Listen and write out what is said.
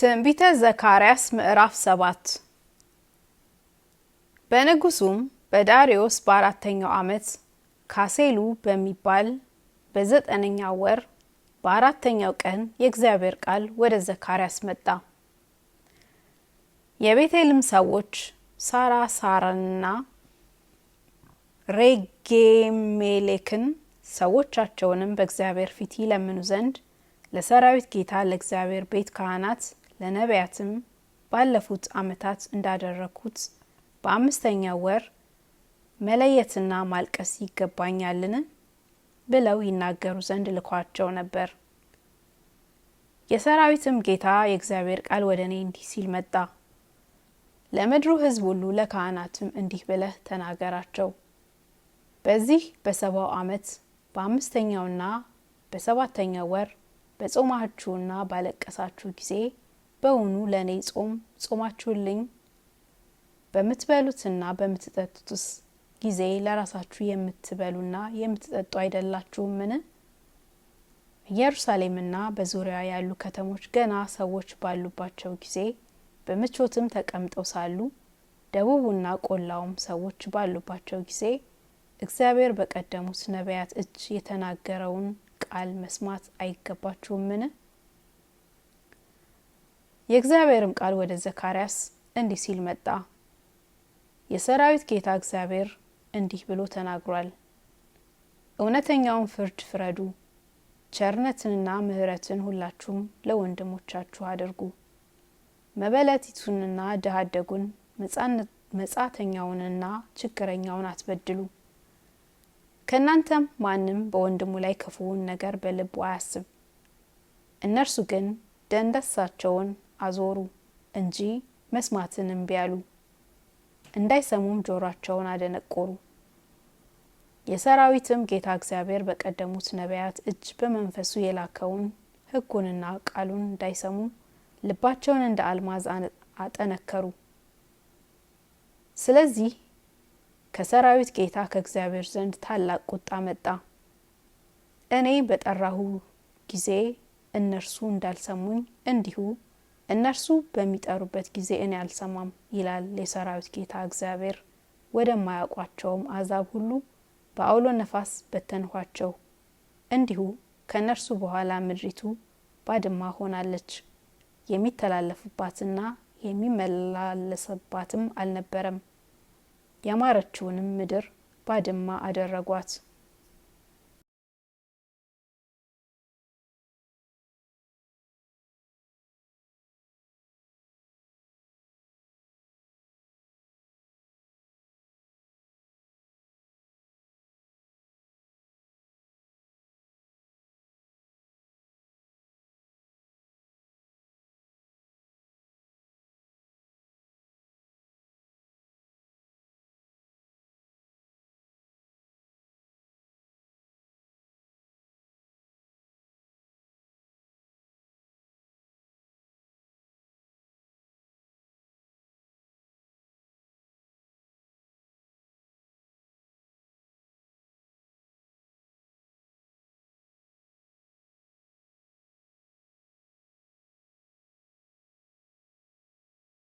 ትንቢተ ዘካርያስ ምዕራፍ ሰባት በንጉሱም በዳሪዮስ በአራተኛው ዓመት ካሴሉ በሚባል በዘጠነኛ ወር በአራተኛው ቀን የእግዚአብሔር ቃል ወደ ዘካርያስ መጣ። የቤቴልም ሰዎች ሳራ ሳራንና ሬጌሜሌክን ሰዎቻቸውንም በእግዚአብሔር ፊት ይለምኑ ዘንድ ለሰራዊት ጌታ ለእግዚአብሔር ቤት ካህናት ለነቢያትም ባለፉት ዓመታት እንዳደረግኩት በአምስተኛው ወር መለየትና ማልቀስ ይገባኛልን ብለው ይናገሩ ዘንድ ልኳቸው ነበር። የሰራዊትም ጌታ የእግዚአብሔር ቃል ወደ እኔ እንዲህ ሲል መጣ። ለምድሩ ሕዝብ ሁሉ ለካህናትም እንዲህ ብለህ ተናገራቸው። በዚህ በሰባው ዓመት በአምስተኛውና በሰባተኛው ወር በጾማችሁና ባለቀሳችሁ ጊዜ በውኑ ለእኔ ጾም ጾማችሁልኝ? በምትበሉትና በምትጠጡትስ ጊዜ ለራሳችሁ የምትበሉና የምትጠጡ አይደላችሁምን? ኢየሩሳሌምና በዙሪያ ያሉ ከተሞች ገና ሰዎች ባሉባቸው ጊዜ በምቾትም ተቀምጠው ሳሉ ደቡቡና ቆላውም ሰዎች ባሉባቸው ጊዜ እግዚአብሔር በቀደሙት ነቢያት እጅ የተናገረውን ቃል መስማት አይገባችሁምን? የእግዚአብሔርም ቃል ወደ ዘካርያስ እንዲህ ሲል መጣ። የሰራዊት ጌታ እግዚአብሔር እንዲህ ብሎ ተናግሯል። እውነተኛውን ፍርድ ፍረዱ፣ ቸርነትንና ምህረትን ሁላችሁም ለወንድሞቻችሁ አድርጉ። መበለቲቱንና ድሃደጉን መጻተኛውንና ችግረኛውን አትበድሉ። ከእናንተም ማንም በወንድሙ ላይ ክፉውን ነገር በልቡ አያስብ። እነርሱ ግን ደንደሳቸውን አዞሩ እንጂ መስማትን እምቢ አሉ። እንዳይሰሙም ጆሯቸውን አደነቆሩ። የሰራዊትም ጌታ እግዚአብሔር በቀደሙት ነቢያት እጅ በመንፈሱ የላከውን ሕጉንና ቃሉን እንዳይሰሙ ልባቸውን እንደ አልማዝ አጠነከሩ። ስለዚህ ከሰራዊት ጌታ ከእግዚአብሔር ዘንድ ታላቅ ቁጣ መጣ። እኔ በጠራሁ ጊዜ እነርሱ እንዳልሰሙኝ እንዲሁ እነርሱ በሚጠሩበት ጊዜ እኔ አልሰማም ይላል የሰራዊት ጌታ እግዚአብሔር። ወደማያውቋቸውም አዛብ ሁሉ በአውሎ ነፋስ በተንኋቸው። እንዲሁ ከእነርሱ በኋላ ምድሪቱ ባድማ ሆናለች። የሚተላለፍባትና የሚመላለስባትም አልነበረም። ያማረችውንም ምድር ባድማ አደረጓት።